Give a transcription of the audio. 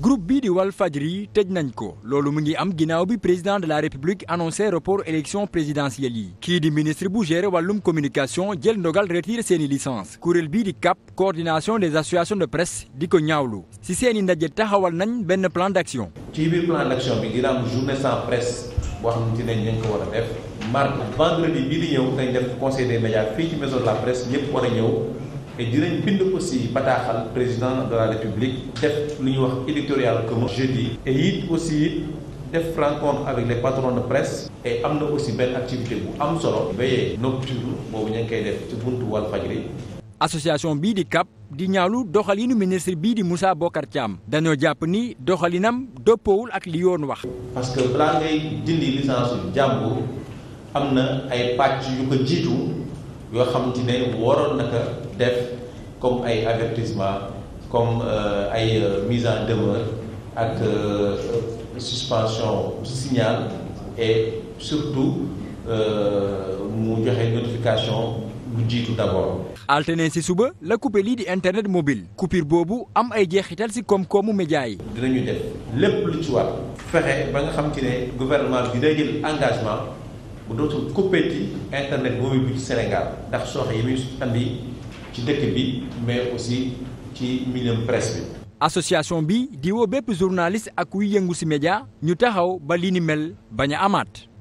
groupe bii di faj Walfadjri tëj nañ ko loolu mu ngi am ginnaaw bi président de la république annoncé report élection présidentielle yi kii di ministre bu géré wàllum communication jël ndogal retire seeni licence kuréel bii di CAP coordination des associations de presse di ko ñaawlu si seeni ndaje taxawal nañ benn plan d'action ci biir plan d'action bi dina am journée sans presse boo xam ne ne ñu ngi ko war a def mardi vendredi bii di ñëw dañ a ñëw et dinañ bind aussi bataaxal président de la république def lu ñuy wax éditorial commun jeudi et aussi it def rencontre avec les patrons de presse et am na aussi benn activité bu am solo veillée nocturne boobu ñu ngi koy def ci buntu Walfadjri association bii di CAP di ñaawlu doxalinu ministre bii di Moussa Bocar Thiam dañoo jàpp ni doxalinam dëppoowul ak li yoon wax parce que balaa ngay dindi licence jàmbur am na ay pàcc yu ko jiitu yoo xam ci ne waroon naka def comme ay avertissement comme euh, ay euh, mise en demeure ak euh, suspension du signal et surtout mu joxe notification lu jiitu d'abord. alterné si suba la coupé lii di internet mobile. coupure boobu am ay jeexital si koom-koomu média yi. dinañu def lépp lu ci war fexe ba nga xam ci ne gouvernement bi day jël engagement. bu dootul coupéti internet boobu bi ci Sénégal ndax sooxe yi muy andi ci dëkk bi mais aussi ci milieu presse bi. association bi di bépp journaliste ak kuy yëngu ci média ñu taxaw ba li ni mel bañ a amaat.